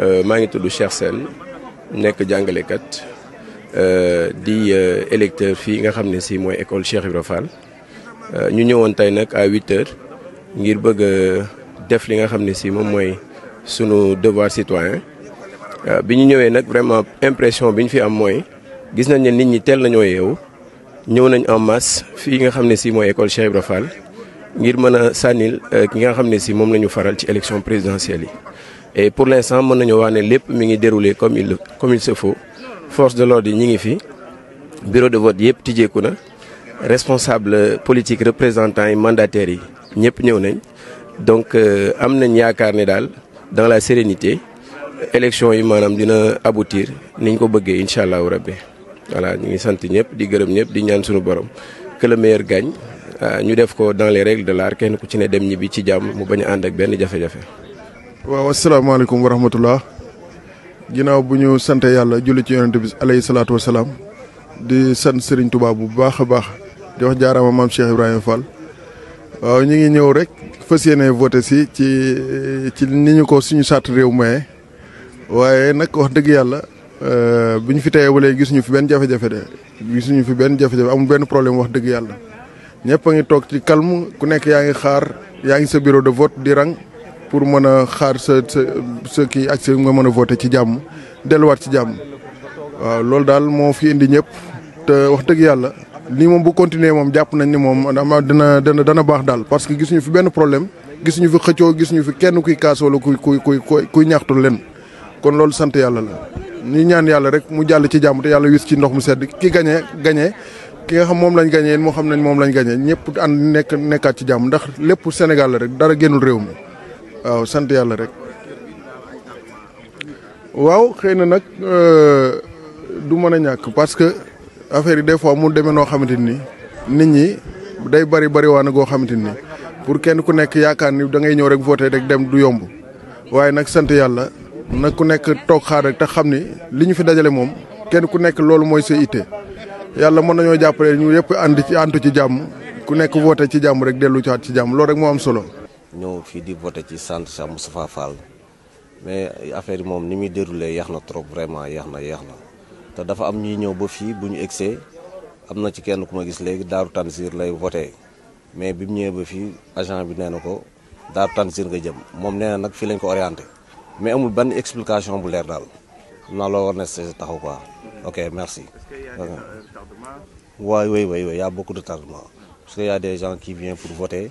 Euh, maa ngi tudd Cheikh Sène nekk jàngalekat euh, di euh, électeur fi nga si école Cheikh ibrahim ñu à 8 heures ngir bëgg def li nga xamné si devoir citoyen vraiment impression que fi am que gis nañ nit ñi ñëw nañ en masse fi nga xamné si école Cheikh ibrahim ngir que sanil nga si faral ci élection présidentielle et pour l'instant mon nañu wax ne mi ngi déroulé comme il comme il se faut force de l'ordre yi ñi ngi fi bureau de vote yëpp tijjeeku na responsable politique représentants yi mandataires yi ñëpp nañ donc euh, am nañ yaakaar dans la sérénité élection yi manam dina aboutir niñ ko bëggé inshallah allahu rabbi voilà ñi ngi sant ñëpp di gërëm ñëpp di ñaan suñu borom que le meilleur gagne euh, ñu def ko dans les règles de l'art kenn ku ci ne dem ñibi ci jamm mu bañ and ak ben jafé jafé assalamu alaykum wa rahmatullah ginaaw buñu sante yalla julli ci yaronte bi alayhi wa salam di sante Serigne Touba bu baakha di wax jaarama mam Cheikh ibrahim Fall wa ñi ngi ñew rek fassiyene voter ci si ci ci niñu ko suñu sat rew may waye nak wax deug yalla euh ñu fi tayé ba gisunu fi ben jafé jafé de gisunu fi ben jafé jafé amu ben problème wax deug yalla ñepp nga tok ci calme ku nekk yaangi xaar yaangi sa bureau de vote di rang pour mën a xaar sa sa sa kii ak sa nga mën a voté ci jàmm delluwaat ci jàmm waaw loolu daal moo fi indi ñëpp te wax dëgg yàlla lii moom bu continuer moom jàpp nañ ni moom dama dana dana dana baax daal parce que gisuñu fi benn problème gisuñu fi xëccoo gisuñu fi kenn kuy kaas wala kuy kuy kuy kuy ñaxtu leen kon loolu sant yàlla la. ñu ñaan yàlla rek mu jàll ci jàmm te yàlla wis ci ndox mu sedd ki gañee gañee ki nga xam moom lañ gañee moo xam nañ moom lañ gañee ñëpp ànd nekk nekkaat ci jàmm ndax lépp Sénégal la rek dara génnul réew mi. waaw sant yàlla rek waaw xëy na nag euh, du mën a ñàkk parce que affaire yi des fois mu demee noo xamante ni nit ñi day bari bari waana goo xamante ni pour kenn ku nekk yaakaar ni da ngay ñëw rek voté rek dem du yomb waaye nag sant yàlla nag ku nekk toog xaar rek te xam ni li ñu fi dajale moom kenn ku nekk loolu mooy sa itte yàlla mën nañoo jàppale ñu yëpp ànd ci àntu ci jàmm ku nekk voté ci jàmm rek dellu caat ci jàmm loolu rek moo am solo. ñëw fii di voté ci centre Cheikh Moustapha Fall mais affaire yi moom ni muy déroulé yeex na trop vraiment yeex na yeex na te dafa am ñuy ñëw ba fii bu ñu egsee am na ci kenn ku ma gis léegi Daru Tanzir lay voté mais bi mu ñëwee ba fii agent bi nee na ko Daru Tanzir nga jëm moom nee na nag fii lañ ko orienté mais amul benn explication bu leer daal naa loo war na taxaw quoi ok merci. waay waay waay y a beaucoup de tardement parce que y a des gens qui viennent pour voter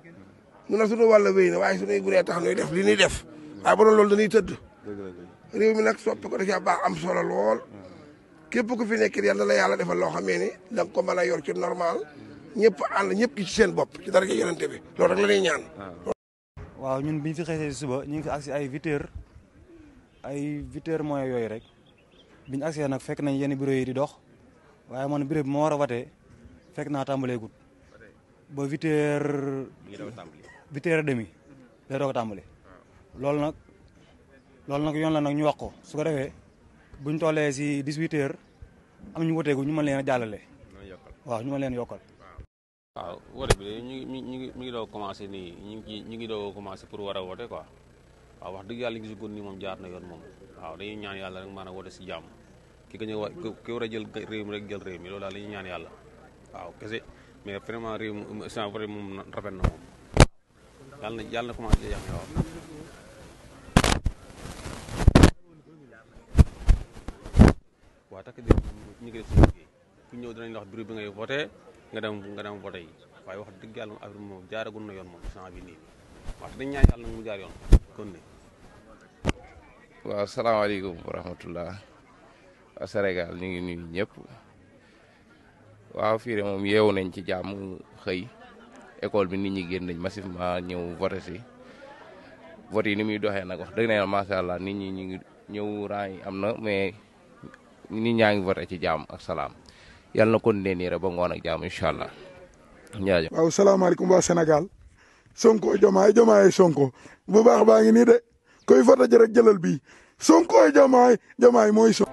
ñu ne sunu wàll wéy na waaye sunuy tax noy def li ni def ay bu doon loolu dañuy teud rew mi nak sopp ko dafa baax am solo lol kep ku fi nek yalla la yalla defal lo xamé ni da ko mala yor ci normal ñepp and ñepp ci seen bop ci dara ge yonenté bi loolu rek la ñuy ñaan waaw ñun biñ fi xëysee suba ñi ngi aksi ay 8h ay 8h moy yoy rek biñ aksi nak fekk nañ yenn bureau yi di dox waye man bureau bi ma war a watee fekk naa tàmbaleegut ba huit heures. mi ngi doog a tàmbali huit demi. day doog a tàmbali. loolu nag loolu nag yoon la nag ñu wax ko su ko defee bu ñu tollee si dix huit am ñu wuteegu ñu ma leen a jàllale. waaw ñu mën leen yokkal. waaw woote bi de ñu ngi ñu ngi mi ngi doog commencé nii ñu ngi ñu ngi doog a pour war a woote quoi waaw wax dëgg nii moom jaar na yoon moom waaw dañuy ñaan yàlla rek maanaam woote si jàmm ki ko ñëw ki war a jël réew mi rek jël réew mi loolu daal la ñuy ñaan yàlla waaw kese. mais vraiment réew mi instant vrai moom rafet na moom yàlla na yàlla na commencé yàq waaw. waa takk di ñu ku ñëw dinañ wax bi ngay voté nga dem nga dem voté waaye wax dëgg yàlla moom affaire moom jaaragul na yoon moom instant bi nii wax dañ ñaan yàlla mu jaar yoon kon ne. waaw salaamaaleykum wa rahmatullah Sénégal ñu ngi nuyu ñëpp. waaw fii moom yeewu nañ ci jàmm xëy école bi nit ñi génn nañ ma ñëw voté si vote yi ni muy doxee nag wax dëgg na yàlla macha allah nit ñi ñu ngi ñëw rang yi am na mais ñaa ngi voté ci jàmm ak salaam yàlla na continuer nii rek ba ngoon ak jàmm incha allah. jaajëf waaw salaamaaleykum waa Sénégal Sonko Diomaye Diomaye Sonko bu baax ngi nii de koy voté ji rek jëlal Sonko Diomaye mooy Sonko.